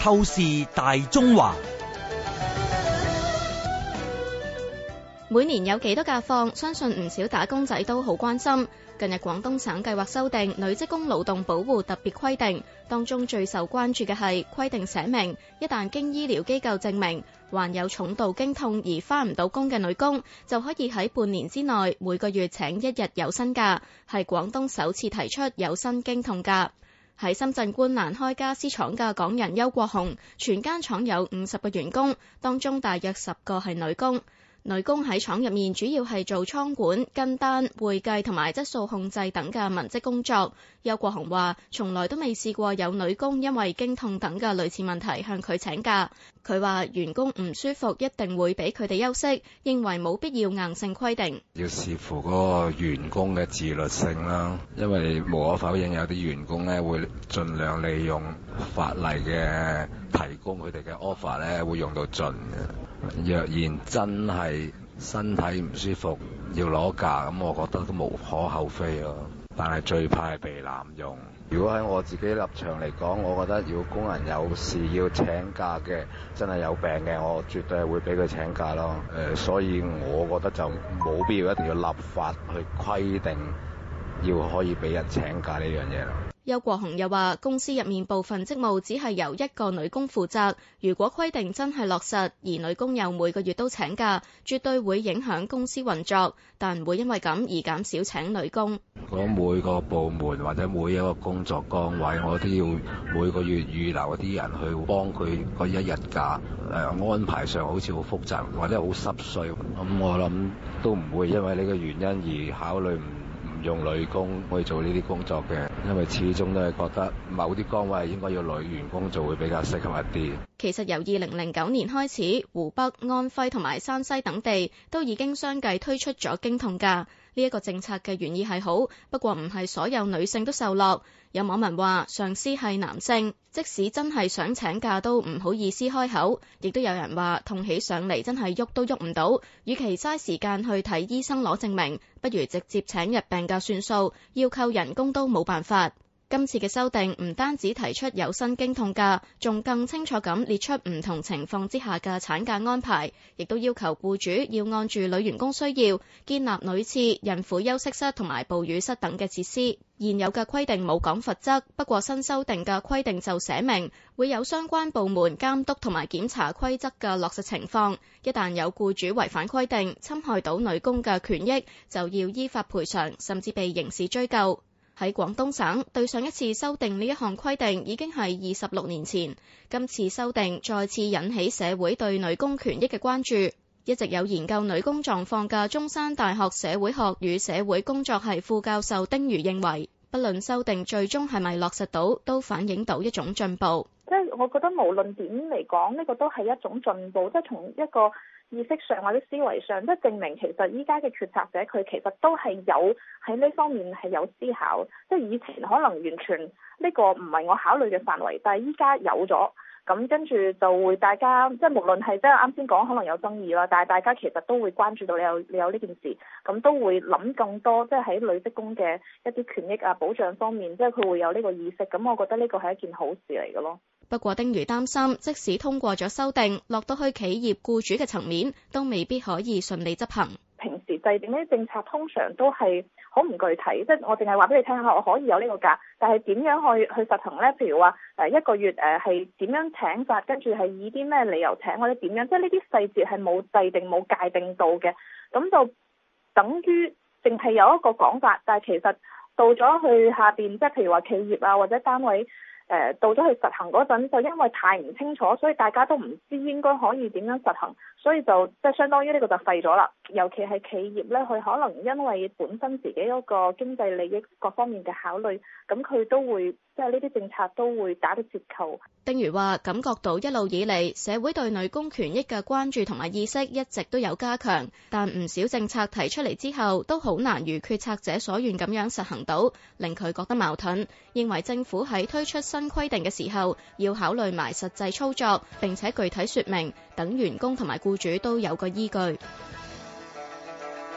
透視大中華，每年有幾多假放，相信唔少打工仔都好關心。近日廣東省計劃修訂女職工勞動保護特別規定，當中最受關注嘅係規定寫明，一旦經醫療機構證明患有重度經痛而翻唔到工嘅女工，就可以喺半年之內每個月請一日有薪假，係廣東首次提出有薪經痛假。喺深圳觀瀾開傢俬廠嘅港人邱國雄，全間廠有五十個員工，當中大約十個係女工。女工喺廠入面主要係做倉管、跟單、會計同埋質素控制等嘅文職工作。邱國雄話：從來都未試過有女工因為經痛等嘅類似問題向佢請假。佢話員工唔舒服一定會俾佢哋休息，認為冇必要硬性規定。要視乎嗰個員工嘅自律性啦，因為無可否認有啲員工咧會盡量利用法例嘅提供佢哋嘅 offer 咧會用到盡嘅。若然真係身體唔舒服要攞假，咁我覺得都無可厚非咯。但係最怕係被濫用。如果喺我自己立場嚟講，我覺得如果工人有事要請假嘅，真係有病嘅，我絕對係會俾佢請假咯。誒、呃，所以我覺得就冇必要一定要立法去規定要可以俾人請假呢樣嘢。邱國雄又話，公司入面部分職務只係由一個女工負責。如果規定真係落實，而女工又每個月都請假，絕對會影響公司運作。但唔會因為咁而減少請女工。我每個部門或者每一個工作崗位，我都要每個月預留一啲人去幫佢嗰一日假。誒，安排上好似好複雜或者好濕碎咁，我諗都唔會因為呢個原因而考慮唔唔用女工去做呢啲工作嘅。因為始終都係覺得某啲崗位應該要女員工做會比較適合一啲。其實由二零零九年開始，湖北、安徽同埋山西等地都已經相繼推出咗經痛假。呢一個政策嘅原意係好，不過唔係所有女性都受落。有網民話上司係男性，即使真係想請假都唔好意思開口，亦都有人話痛起上嚟真係喐都喐唔到。與其嘥時間去睇醫生攞證明，不如直接請入病假算數，要扣人工都冇辦法。今次嘅修訂唔單止提出有薪經痛假，仲更，更清楚咁列出唔同情況之下嘅產假安排，亦都要求僱主要按住女員工需要，建立女廁、孕婦休息室同埋哺乳室等嘅設施。現有嘅規定冇講罰則，不過新修訂嘅規定就寫明會有相關部門監督同埋檢查規則嘅落實情況。一旦有僱主違反規定，侵害到女工嘅權益，就要依法賠償，甚至被刑事追究。喺廣東省對上一次修訂呢一項規定已經係二十六年前，今次修訂再次引起社會對女工權益嘅關注。一直有研究女工狀況嘅中山大學社會學與社會工作系副教授丁瑜認為，不論修訂最終係咪落實到，都反映到一種進步。我覺得無論點嚟講，呢個都係一種進步，即係從一個意識上或者思維上，即係證明其實依家嘅決策者佢其實都係有喺呢方面係有思考，即係以前可能完全呢個唔係我考慮嘅範圍，但係依家有咗，咁跟住就會大家即係無論係即係啱先講可能有爭議啦，但係大家其實都會關注到你有你有呢件事，咁都會諗更多，即係喺女職工嘅一啲權益啊保障方面，即係佢會有呢個意識，咁我覺得呢個係一件好事嚟嘅咯。不過丁如擔心，即使通過咗修訂，落到去企業、僱主嘅層面，都未必可以順利執行。平時制定呢啲政策通常都係好唔具體，即係我淨係話俾你聽下，我可以有呢個價，但係點樣去去實行呢？譬如話誒一個月誒係點樣請法，跟住係以啲咩理由請，或者點樣，即係呢啲細節係冇制定、冇界定到嘅，咁就等於淨係有一個講法，但係其實到咗去下邊，即係譬如話企業啊或者單位。誒到咗去實行嗰陣，就因為太唔清楚，所以大家都唔知應該可以點樣實行，所以就即係相當於呢個就廢咗啦。尤其係企業咧，佢可能因為本身自己一個經濟利益各方面嘅考慮，咁佢都會即係呢啲政策都會打啲折扣。例如話，感覺到一路以嚟社會對女工權益嘅關注同埋意識一直都有加強，但唔少政策提出嚟之後都好難如決策者所願咁樣實行到，令佢覺得矛盾。認為政府喺推出新規定嘅時候，要考慮埋實際操作並且具體説明，等員工同埋僱主都有個依據。